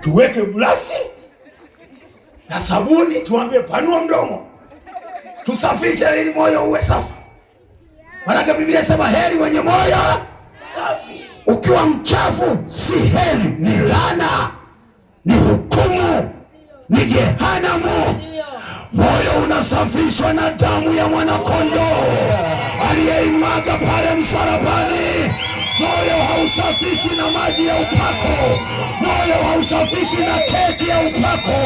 tuweke brashi na sabuni, tuambie panua mdomo, tusafishe ili moyo uwe safi. Maanake Biblia inasema heri wenye moyo safi. Ukiwa mchafu si heri, ni laana, ni hukumu, ni jehanamu. Moyo unasafishwa na damu ya mwanakondoo aliyeimwaga pale msalabani. Moyo hausafishi na maji ya upako, moyo hausafishi na keki ya upako,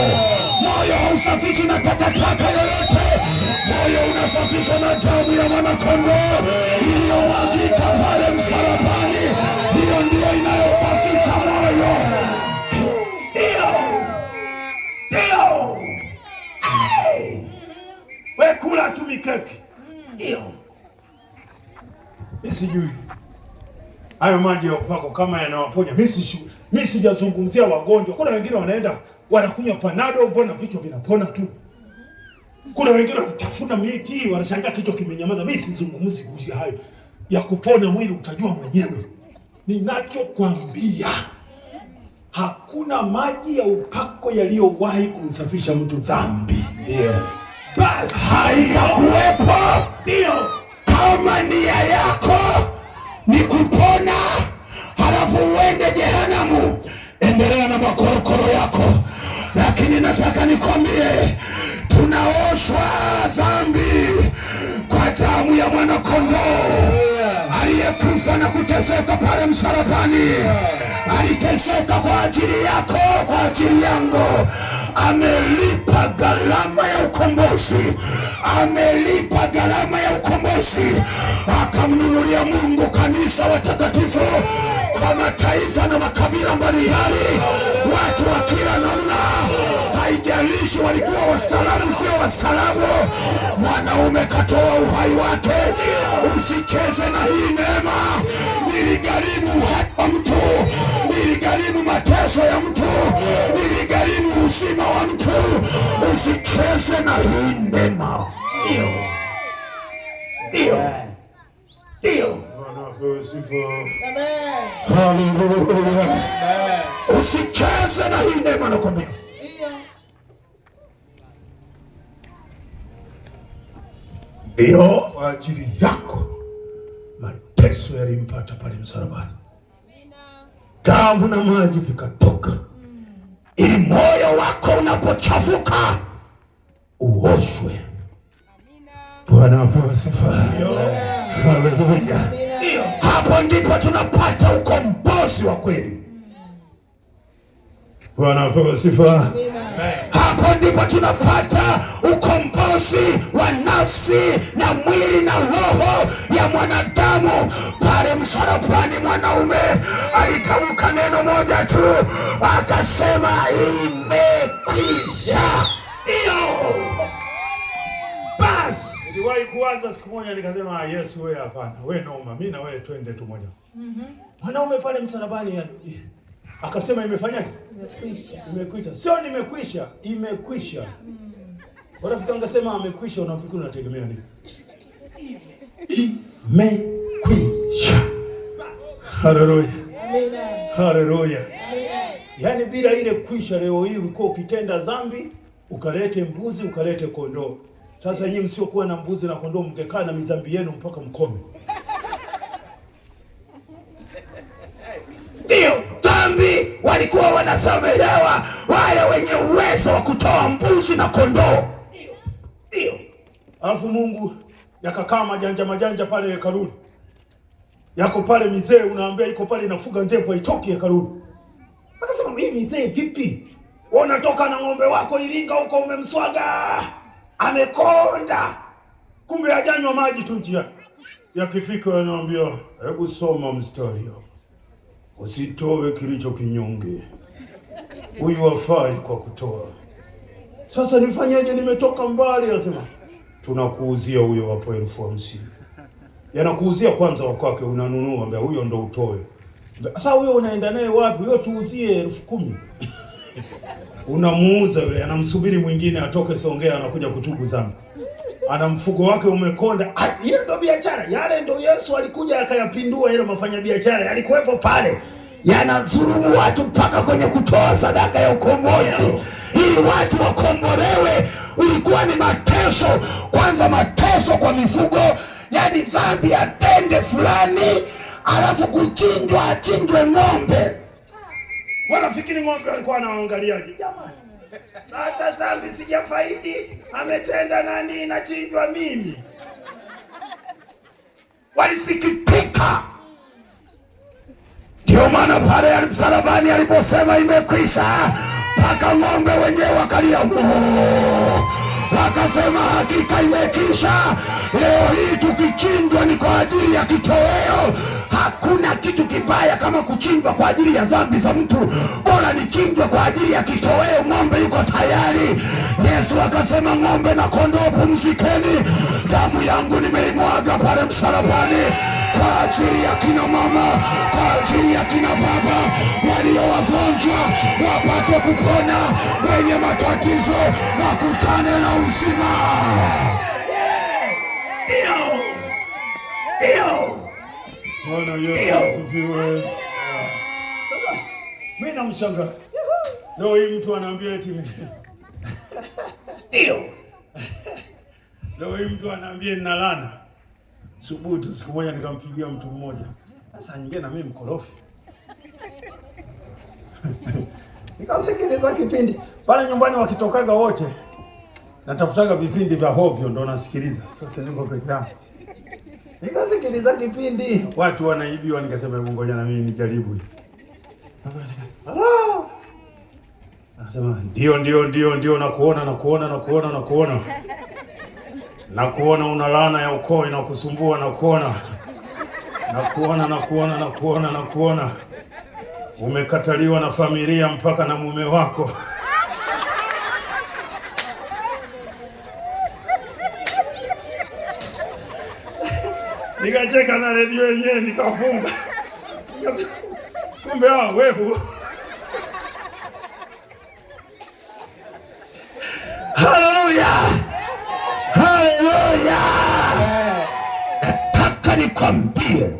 moyo hausafishi na takataka yoyote, moyo unasafishwa na hayo maji ya upako kama yanawaponya. Mimi sijazungumzia wagonjwa. Kuna wengine wanaenda wanakunywa panado, mbona vichwa vinapona tu. Kuna wengine wanatafuna miti, wanashangaa kichwa kimenyamaza. Mimi sizungumzi hayo ya kupona mwili, utajua mwenyewe. Ninachokwambia, hakuna maji ya upako yaliyowahi kumsafisha mtu dhambi. Ndio basi haitakuwepo, ndio kama nia yako ni kupona, halafu uende jehanamu. Endelea na makorokoro yako, lakini nataka nikwambie, tunaoshwa dhambi kwa damu ya mwanakondoo kufa na kuteseka pale msalabani, aliteseka kwa ajili yako, kwa ajili yangu. Amelipa gharama ya ukombozi, amelipa gharama ya ukombozi, akamnunulia Mungu kanisa watakatifu kwa mataifa na makabila mbalimbali, watu wa kila namna. Haijalishi walikuwa wastaarabu, sio wastaarabu, mwanaume katoa uhai wake. Usicheze na hii mateso ya mtu, iligharimu uzima wa mtu. Usicheze na hii neema. Ndio, ndio, ndio. Haleluya! Usicheze na hii neema, nakwambia. Ndio kwa ajili yako mateso yalimpata pale msalabani damu na maji vikatoka, ili moyo wako unapochafuka uoshwe. Bwana mwasifu, haleluya. Hapo ndipo tunapata ukombozi wa kweli. Bwana apewe sifa. Hapo ndipo tunapata ukombozi wa nafsi na mwili na roho ya mwanadamu. Pale msalabani, mwanaume alitamka neno moja tu, akasema imekwisha. Hiyo basi. Niliwahi kuanza siku moja, nikasema ah, Yesu, wewe hapana, wewe noma, mimi na wewe twende tu moja. Mhm. Mwanaume pale msalabani, yani Akasema imefanyaje? Imekwisha. Imekwisha. Sio nimekwisha, imekwisha. Mm. Rafiki amekwisha, unafikiri unategemea nini? Imekwisha. Haleluya. Haleluya. Yaani bila ile kwisha, leo hii ulikuwa ukitenda dhambi, ukalete mbuzi, ukalete kondoo. Sasa nyinyi msiokuwa na mbuzi na kondoo mngekaa na mizambi yenu mpaka mkome. walikuwa wanasamehewa wale wenye uwezo wa kutoa mbuzi na kondoo. Ndio, alafu Mungu yakakaa majanja majanja pale hekaluni, yako pale mizee, unaambia iko pale inafuga ndevu haitoki hekaluni. Akasema hii mizee vipi? Wewe unatoka na ng'ombe wako Iringa huko umemswaga amekonda, kumbe ajanywa maji tu njiani. Yakifika anaambia hebu soma mstari hapo usitoe kilicho kinyonge, huyu wafai kwa kutoa. Sasa nifanyeje? Nimetoka mbali. Anasema tunakuuzia huyo, wapo elfu hamsini yanakuuzia kwanza wakwake, unanunua mbe huyo ndo utoe. Sasa huyo unaenda naye wapi? Huyo tuuzie elfu kumi unamuuza yule, anamsubiri mwingine atoke Songea, anakuja kutubu zangu ana mfugo wake umekonda. Ah, hiyo ndo biashara yale, ndo Yesu alikuja akayapindua mafanya biashara yalikuwepo pale, yanazulumu watu mpaka kwenye kutoa sadaka ya ukombozi ili watu wakombolewe. Ulikuwa ni mateso kwanza, mateso kwa mifugo, yani dhambi atende fulani, alafu kuchinjwa, achinjwe ng'ombe. Wanafikiri ng'ombe walikuwa wanaangaliaje? jamani? hata dhambi sijafaidi, ametenda nani? Inachinjwa mimi. Walisikitika. Ndio maana pale msalabani aliposema imekwisha, mpaka ng'ombe wenyewe wakalia akasema hakika imekisha. Leo hii tukichinjwa ni kwa ajili ya kitoweo. Hakuna kitu kibaya kama kuchinjwa kwa ajili ya dhambi za mtu, bora nichinjwa kwa ajili ya kitoweo. Ng'ombe yuko tayari. Yesu akasema, ng'ombe na kondoo pumzikeni, damu yangu nimeimwaga pale msalabani kwa ajili ya kina mama, kwa akina baba, walio wagonjwa wapate kupona, wenye matatizo wakutane na uzima. Bwana Yesu asifiwe. Mimi namshangaa leo hii mtu anaambia eti ndio. Leo hii mtu anaambia ninalana. Subutu, siku moja nikampigia mtu mmoja, sasa nyingine na mimi mkorofi nikasikiliza kipindi pale nyumbani, wakitokaga wote natafutaga vipindi vya hovyo ndo nasikiliza. Sasa niko peke yangu, nikasikiliza kipindi watu wanaibiwa, nikasema Mungu, ngoja na mimi nijaribu. Akasema ndio, ndio, ndio, ndio, nakuona, nakuona, nakuona, nakuona, nakuona una laana ya ukoo inakusumbua, nakuona, nakuona, nakuona, nakuona, nakuona umekataliwa na familia mpaka na mume wako. Nikacheka na redio yenyewe nikafunga. Kumbe hao wehu. Haleluya! Haleluya! Nataka nikwambie,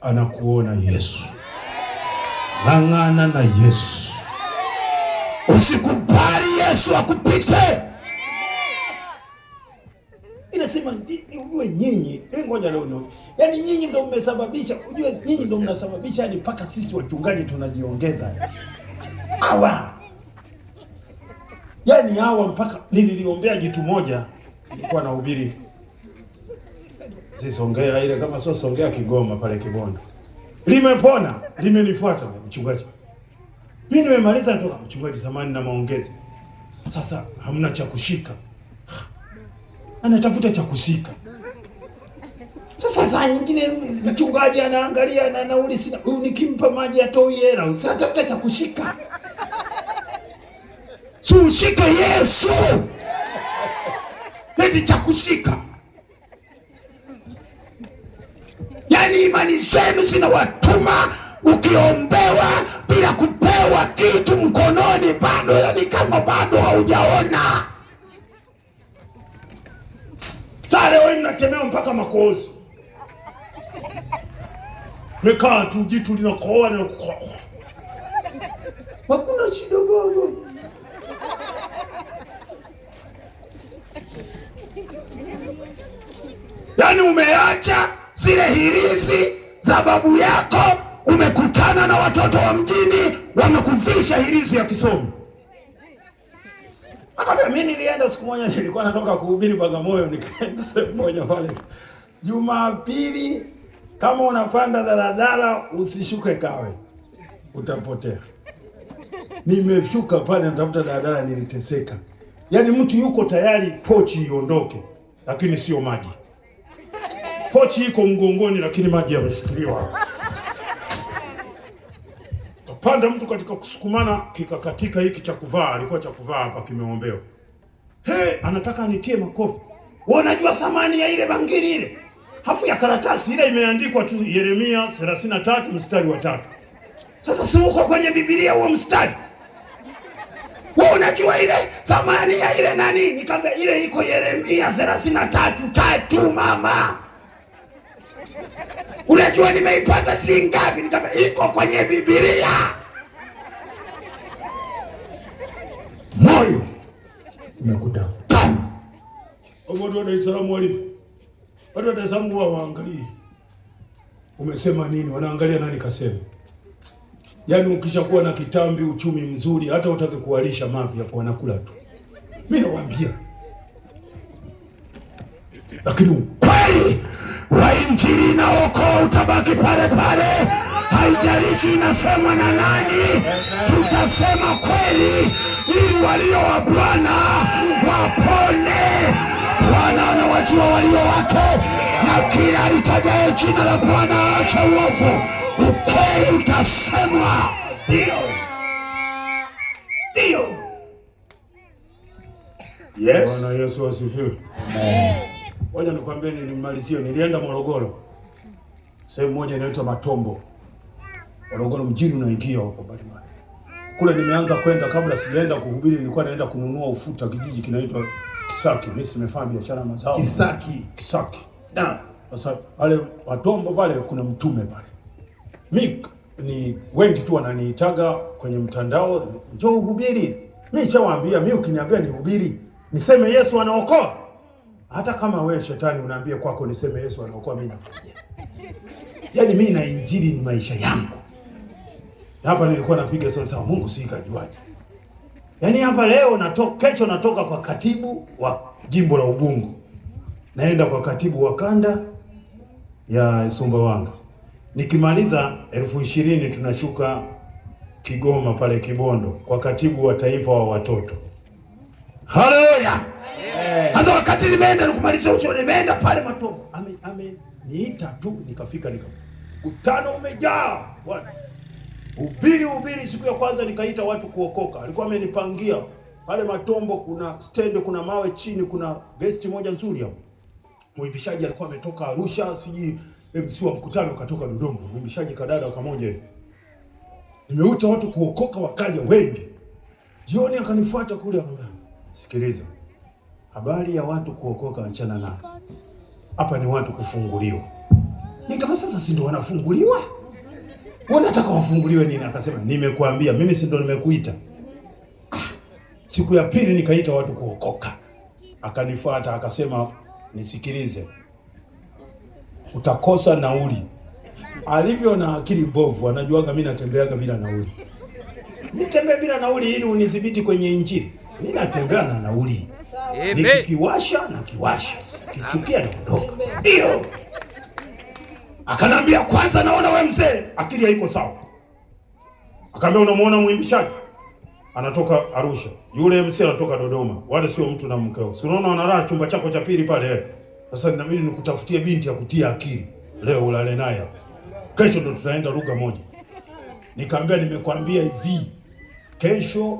anakuona Yesu hangana na Yesu, usikubali Yesu akupite. Inasema ujue nyinyi, ngoja leo, yaani nyinyi ndio mmesababisha, ujue nyinyi ndio mnasababisha hadi mpaka sisi wachungaji tunajiongeza hawa, yaani hawa, mpaka nililiombea jitu moja, nilikuwa nahubiri si Songea ile, kama sio Songea, Kigoma pale Kibona limepona limenifuata mchungaji. Mimi nimemaliza tu mchungaji zamani na maongezi. Sasa hamna cha kushika. Anatafuta cha kushika. Sasa saa nyingine mchungaji anaangalia na nauli sina. Huyu nikimpa maji atoi hela. Sasa tafuta cha kushika. Si ushike Yesu. Leti cha kushika. Tafuteni imani zenu zinawatuma ukiombewa bila kupewa kitu mkononi, bado yani kama bado haujaona tare. Wewe mnatemewa mpaka makozi, mekaa tu jitu linakoa na kukoa, hakuna shida baba. Yani umeacha zile hirizi za babu yako, umekutana na watoto wa mjini wamekuvisha hirizi ya kisomo Akambia mi nilienda siku moja, nilikuwa natoka kuhubiri Bagamoyo, nikaenda sehemu moja pale Jumapili. Kama unapanda daladala usishuke Kawe, utapotea. Nimeshuka pale natafuta daladala, niliteseka. Yaani mtu yuko tayari pochi iondoke, lakini sio maji pochi iko mgongoni, lakini maji yameshikiliwa. Kapanda mtu katika kusukumana, kikakatika hiki cha kuvaa, alikuwa cha kuvaa hapa kimeombeo. He, anataka anitie makofi. Wanajua thamani ya ile bangili ile, hafu ya karatasi ile imeandikwa tu Yeremia 33 mstari wa tatu. Sasa si uko kwenye Biblia huo mstari wewe unajua ile thamani ya ile nani? Nikambe ile iko Yeremia 33 tatu mama. Unajua nimeipata si ngapi? nitapa iko kwenye Biblia. Moyo umekudanganya. Watu wa Dar es Salaam walivyo, watu wa Dar es Salaam huwa umesema nini, wanaangalia nani kasema. Yaani ukishakuwa na kitambi, uchumi mzuri, hata utake kuwalisha mavi hapo, wanakula tu. Mimi nawaambia lakini ukweli wa injili na utabaki pale pale, haijalishi inasemwa na nani. Tutasema kweli ili walio wa Bwana wapone. Bwana anawajua walio wake, na kila alitajaye jina la Bwana acha uovu. Ukweli utasemwa, ndio ndio. Yes. Bwana Yesu asifiwe. Amen. Wacha nikwambie nilimalizie, nilienda Morogoro sehemu moja inaitwa Matombo, Morogoro mjini unaingia huko mbalimbali. Kule nimeanza kwenda, kabla sijaenda kuhubiri, nilikuwa naenda kununua ufuta, kijiji kinaitwa Kisaki. Mimi simefanya biashara mazao Kisaki, Kisaki. Na sasa pale Matombo pale kuna mtume pale, mimi ni wengi tu wananiitaga kwenye mtandao, njoo uhubiri. Mimi chawaambia mimi ukiniambia nihubiri niseme Yesu anaokoa hata kama we shetani unaambia kwako niseme Yesu anaokoa, mimi nakuja. Yaani mimi na injili ni maisha yangu. hapa nilikuwa napiga sana sana Mungu si kajuaje. Yaani hapa leo natoka, kesho natoka kwa katibu wa jimbo la Ubungo. Naenda kwa katibu wa kanda ya Sumbawanga. Nikimaliza elfu ishirini tunashuka Kigoma pale Kibondo kwa katibu wa taifa wa watoto. Haleluya! Sasa wakati nimeenda nikumaliza ucho, nimeenda pale matomo. Amen, amen. niita tu nikafika, nika Kutano umejaa bwana, ubiri ubiri. Siku ya kwanza nikaita watu kuokoka, alikuwa amenipangia pale Matombo, kuna stendi, kuna mawe chini, kuna vesti moja nzuri hapo. Mwimbishaji alikuwa ametoka Arusha, siji MC wa mkutano katoka Dodoma, mwimbishaji kadada kamoja hivi. Nimeuta watu kuokoka, wakaja wengi. Jioni akanifuata kule, akamwambia sikiliza habari ya watu kuokoka, wachana na Hapa ni watu kufunguliwa. Nikama sasa, si ndio wanafunguliwa? Wewe unataka wafunguliwe nini? Akasema nimekuambia mimi, si ndio nimekuita. Ah, siku ya pili nikaita watu kuokoka, akanifuata akasema, nisikilize, utakosa nauli. Alivyo na akili mbovu, anajuaga mimi natembeaga bila nauli. Nitembee bila nauli ili unidhibiti kwenye Injili? Mimi natembea na nauli nikikiwasha na kiwasha, kichukia naondoka. Ndio akanambia, kwanza naona we mzee akili haiko sawa. Akaambia, unamuona mwimbishaji anatoka Arusha, yule mzee anatoka Dodoma, wale sio mtu na mkeo, si unaona wanalala chumba chako cha pili pale. Eh? Sasa inabidi nikutafutie binti ya kutia akili, leo ulale naye, kesho ndo tutaenda lugha moja. Nikaambia, nimekwambia hivi kesho,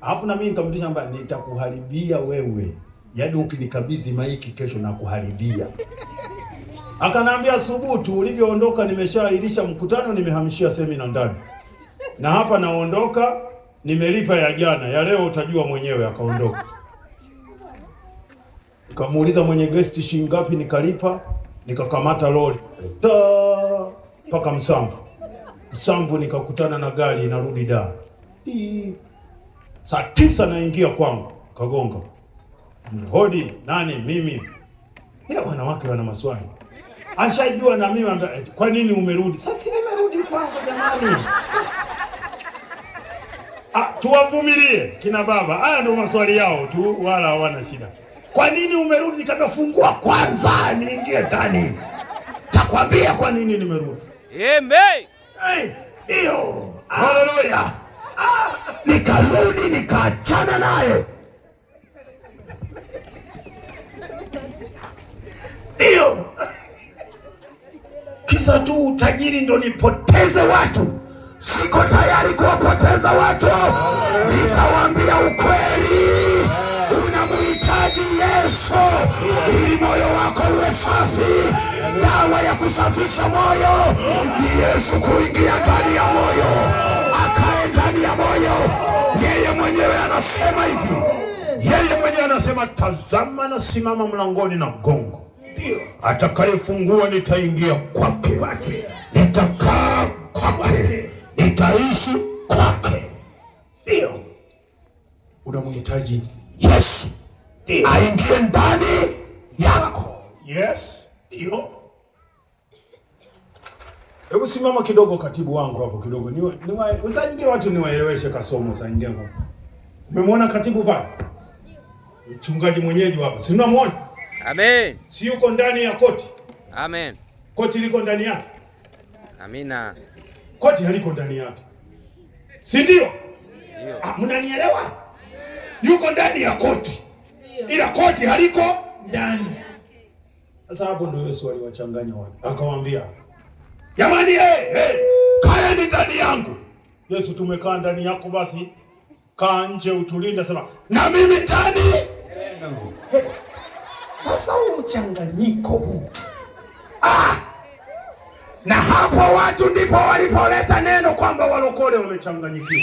alafu na mimi nitamrudisha mbaya, nitakuharibia wewe, yaani ukinikabidhi maiki kesho na kuharibia. Akanambia, subutu, ulivyoondoka nimeshaahirisha mkutano, nimehamishia semina ndani, na hapa naondoka, nimelipa ya jana, ya leo utajua mwenyewe. Akaondoka. Nikamuuliza mwenye gesti shilingi ngapi, nikalipa, nikakamata lori mpaka Msamvu. Msamvu nikakutana na gari inarudi Dar. Saa tisa naingia kwangu kagonga hodi nani mimi. Ila wanawake wana maswali, ashajua na mimi anda, eh, kwa nini umerudi? Sasa nimerudi kwangu jamani. Ah, tuwavumilie kina baba, haya ndio maswali yao tu, wala hawana shida. Kwa nini umerudi? Nikamwambia fungua kwanza niingie ndani, takwambia kwa nini nimerudi. Amen, hiyo hey, nikarudi nikaachana naye. Ndio kisa tu utajiri ndo nipoteze watu. Siko tayari kuwapoteza watu, nikawaambia ukweli. Unamhitaji Yesu ili moyo wako uwe safi. Dawa ya kusafisha moyo ni Yesu kuingia ndani ya moyo moyo. Yeye mwenyewe anasema hivi, yeye mwenyewe anasema, tazama nasimama mlangoni na gongo, atakayefungua nitaingia kwake, nitakaa kwake, nitaishi kwake. Ndio unamhitaji Yesu aingie ndani yako. Yes, ndio Hebu simama kidogo, katibu wangu hapo kidogo, niwasaidie watu niwaeleweshe kasomo. Saa ingia hapo umemwona katibu pale, mchungaji mwenyeji hapo. si unamwona? Amen, si yuko ndani ya koti? Amen, koti liko ndani yake. Amina, koti haliko ndani yake, si ndio? Ah, mnanielewa? Yuko ndani ya koti, ila koti haliko ndani. Sasa hapo ndio Yesu aliwachanganya wale. akawaambia Jamani, hey, eh, hey, kaeni ndani yangu. Yesu, tumekaa ndani yako, basi kaa nje utulinde, sema na mimi ndani. Hey, sasa huu mchanganyiko huu ah, na hapo watu ndipo walipoleta neno kwamba walokole wamechanganyikiwa.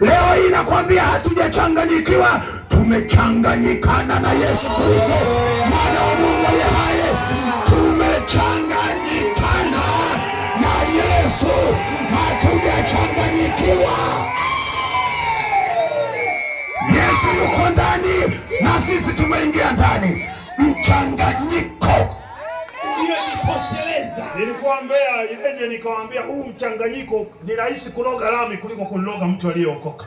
Leo hii nakwambia hatujachanganyikiwa, tumechanganyikana na Yesu Kristo mwana wa Mungu aliye hai. Yesu hatujachanganyikiwa. Yesu yuko ndani na sisi tumeingia ndani. Mchanganyiko hiyo nitosheleza. Nilikuwa ileje, nikawambia huu mchanganyiko ni rahisi kuloga lami kuliko kuniloga mtu aliyeokoka,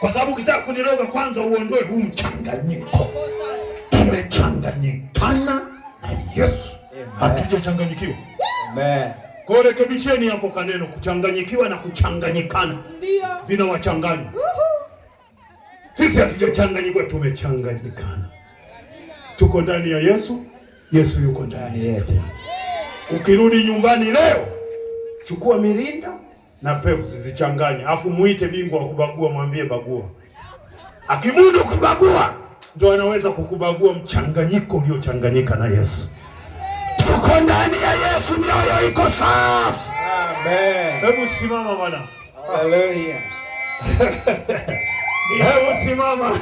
kwa sababu ukitaka kuniloga kwanza uondoe huu mchanganyiko. Tumechanganyikana na Yesu, hatujachanganyikiwa. Amen. Kwa rekebisheni yako kaneno, kuchanganyikiwa na kuchanganyikana vinawachanganya. Sisi hatujachanganyikiwa, tumechanganyikana. Tuko ndani ya Yesu, Yesu yuko ndani yetu. Ukirudi nyumbani leo, chukua mirinda na pepsi zichanganye, afu muite bingwa wa kubagua, mwambie bagua. Akimudu kubagua, ndo anaweza kukubagua mchanganyiko uliochanganyika na Yesu. Tuko ndani ya Yesu, mioyo iko safi. Amen. Hebu simama bwana. Haleluya. Hebu simama.